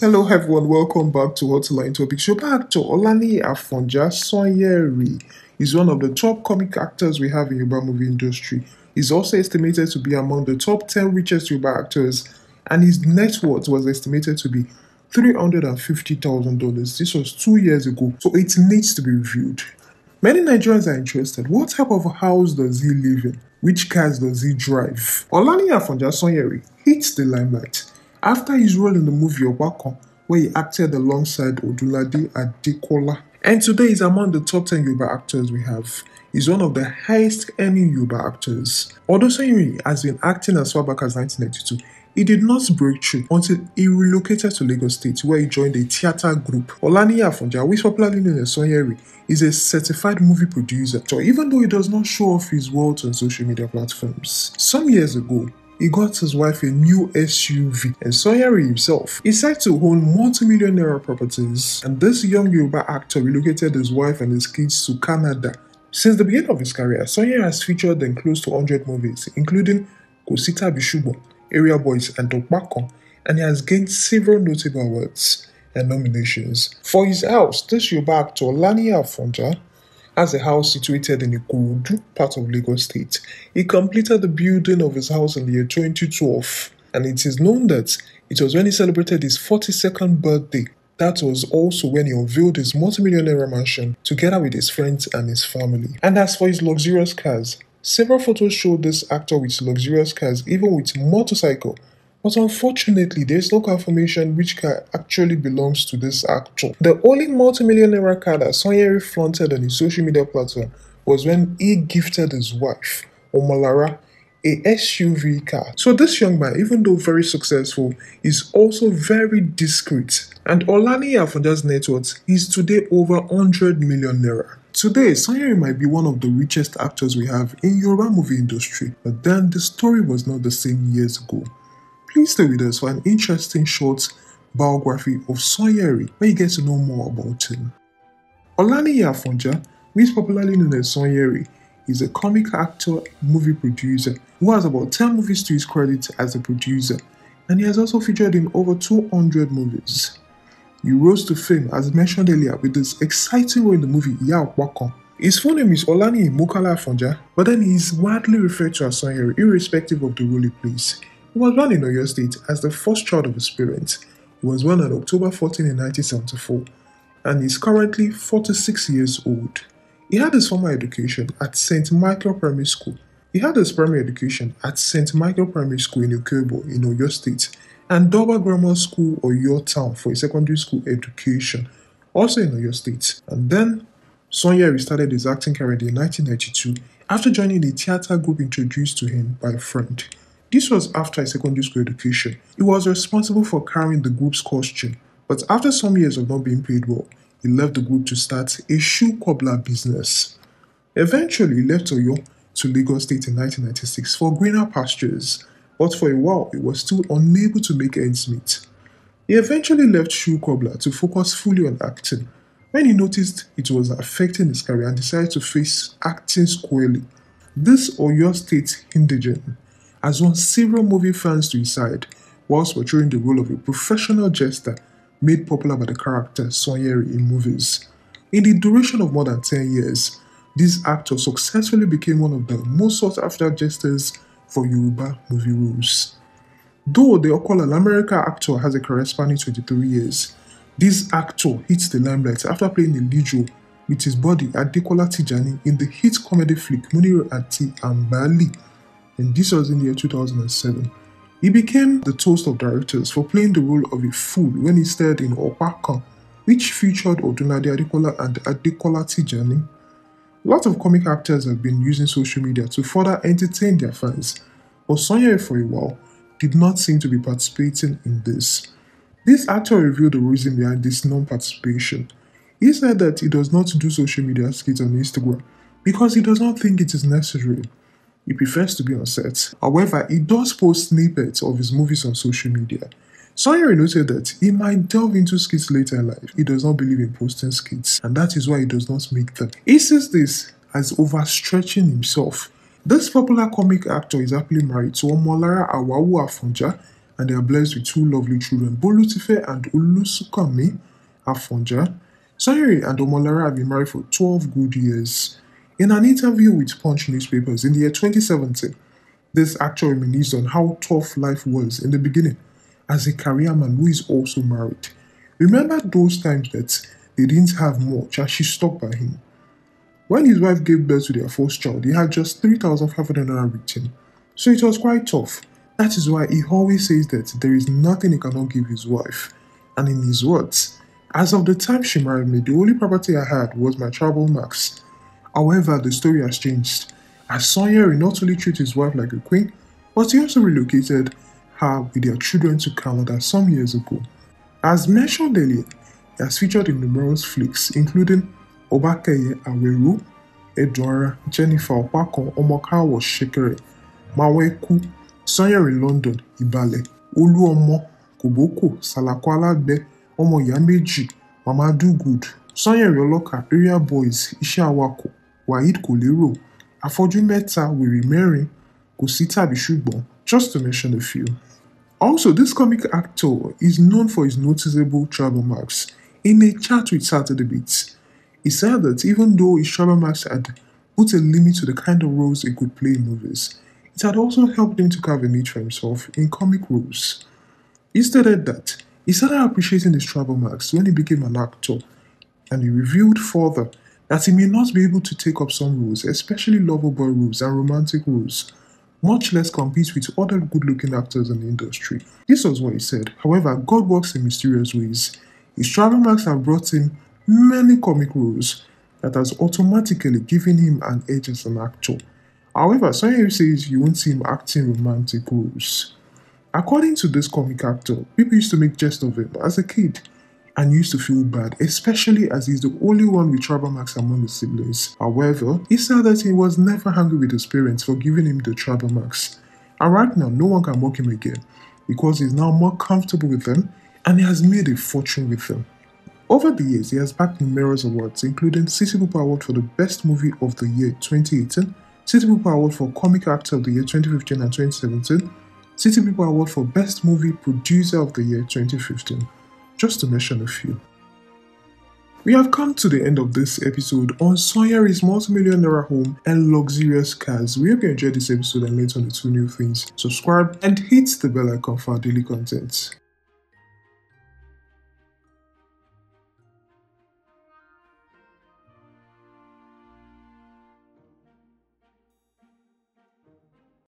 Hello everyone, welcome back to Hotline Topics. Your back to Olani Afonja Sonyeri. He's one of the top comic actors we have in Yuba movie industry. He's also estimated to be among the top 10 richest Yuba actors and his net worth was estimated to be $350,000. This was two years ago, so it needs to be reviewed. Many Nigerians are interested. What type of house does he live in? Which cars does he drive? Olani Afonja Sonyeri hits the limelight after his role in the movie Obako, where he acted alongside Odulade Adekola. And today is among the top 10 Yoruba actors we have. He's one of the highest earning Yoruba actors. Although has been acting as far back as 1992, he did not break through until he relocated to Lagos State, where he joined a theatre group. Olaniyi Afonja, who is popularly known as Sonyeri, is a certified movie producer, so even though he does not show off his world on social media platforms. Some years ago, he got his wife a new SUV, and Sonyari himself is said to own multi-millionaire properties. And this young Yoruba actor relocated his wife and his kids to Canada. Since the beginning of his career, Sonyari has featured in close to 100 movies, including Kosita Bishubo, Area Boys, and Tokbakon, and he has gained several notable awards and nominations. For his house, this Yoruba actor, Lani Afonja, has a house situated in Ikorodu, part of Lagos State. He completed the building of his house in the year 2012, and it is known that it was when he celebrated his 42nd birthday. That was also when he unveiled his multimillionaire mansion together with his friends and his family. And as for his luxurious cars, several photos show this actor with luxurious cars, even with motorcycle, but unfortunately, there is no confirmation which car actually belongs to this actor. The only multi-million naira car that Sanyeri flaunted on his social media platform was when he gifted his wife, Omalara, a SUV car. So this young man, even though very successful, is also very discreet. And Olani Afonja's net worth is today over 100 million naira. Today, Sanyeri might be one of the richest actors we have in Yoruba movie industry, but then the story was not the same years ago. Please stay with us for an interesting short biography of Sonyeri where you get to know more about him. Olaniyi Afonja, who is popularly known as Sonyeri, is a comic actor, movie producer who has about 10 movies to his credit as a producer, and he has also featured in over 200 movies. He rose to fame, as mentioned earlier, with this exciting role in the movie Ya Wakon. His full name is Olani Mukala Afonja, but then he is widely referred to as Sonyeri, irrespective of the role he plays who was born in Oyo State as the first child of his parents. He was born on October 14 1974 and is currently 46 years old. He had his formal education at St. Michael Primary School. He had his primary education at St. Michael Primary School in Okebo in Oyo State and Doba Grammar School, Oyo Town for his secondary school education, also in Oyo State. And then Sonia restarted his acting career in 1992 after joining the theater group introduced to him by a friend. This was after his secondary school education. He was responsible for carrying the group's costume, but after some years of not being paid well, he left the group to start a shoe cobbler business. Eventually, he left Oyo to Lagos State in 1996 for greener pastures, but for a while, he was still unable to make ends meet. He eventually left shoe cobbler to focus fully on acting when he noticed it was affecting his career and decided to face acting squarely. This Oyo State indigent has won several movie fans to his side whilst portraying the role of a professional jester made popular by the character Sonyeri in movies. In the duration of more than 10 years, this actor successfully became one of the most sought after jesters for Yoruba movie roles. Though the Okola America actor has a career spanning 23 years, this actor hits the limelight after playing the lead role with his body at Dekola Tijani in the hit comedy flick Muniru Ati Bali and this was in the year 2007. He became the toast of directors for playing the role of a fool when he starred in Opaka, which featured Odunlade Adekola and Adekola Tijani. Lots of comic actors have been using social media to further entertain their fans, but Sonya for a while did not seem to be participating in this. This actor revealed the reason behind this non-participation. He said that he does not do social media skits on Instagram because he does not think it is necessary. He prefers to be on set. However, he does post snippets of his movies on social media. Sawyer noted that he might delve into skits later in life. He does not believe in posting skits, and that is why he does not make them. He says this as overstretching himself. This popular comic actor is happily married to Omolara Awawu Afonja, and they are blessed with two lovely children, Bolutife and Ulusukami Afunja. Sanyeri and Omolara have been married for 12 good years. In an interview with Punch newspapers in the year 2017, this actor reminisced on how tough life was in the beginning as a career man who is also married. Remember those times that they didn't have much and she stuck by him. When his wife gave birth to their first child, he had just 3,500 naira written, so it was quite tough. That is why he always says that there is nothing he cannot give his wife. And in his words, as of the time she married me, the only property I had was my travel marks. However, the story has changed, as Sonyeri not only treated his wife like a queen, but he also relocated her with their children to Canada some years ago. As mentioned earlier, he has featured in numerous flicks, including Obakeye Aweru, Edwara, Jennifer Opakon, Omokawa Shekere, Maweku, in London, Ibale, Oluomo, Koboko, Salakwalabe, Omo Yameji, Do Good, Sanyeri Oloka, Area Boys, Ishawako waheed kò lérò afọ́jú mẹ́ta wèrè mẹ́rin kò sí tàbí ṣùgbọ́n just to mention a few. Also, this comic actor is known for his noticeable travel marks. In a chat with Saturday Beats, he said that even though his travel marks had put a limit to the kind of roles he could play in movies, it had also helped him to carve a niche for himself in comic roles. He stated that he started appreciating his travel marks when he became an actor, and he revealed further that he may not be able to take up some roles, especially lovable roles and romantic roles, much less compete with other good looking actors in the industry. This was what he said. However, God works in mysterious ways. His travel marks have brought him many comic roles that has automatically given him an edge as an actor. However, Sonya says you won't see him acting romantic roles. According to this comic actor, people used to make jest of him as a kid and used to feel bad, especially as he's the only one with travel marks among his siblings. However, he said that he was never angry with his parents for giving him the travel marks. And right now, no one can mock him again because he's now more comfortable with them and he has made a fortune with them. Over the years, he has backed numerous awards, including City People Award for the Best Movie of the Year 2018, City People Award for Comic Actor of the Year 2015 and 2017, City People Award for Best Movie Producer of the Year 2015 just to mention a few. We have come to the end of this episode on Sawyer's multi-million naira home and luxurious cars. We hope you enjoyed this episode and learned on the two new things. Subscribe and hit the bell icon for daily content.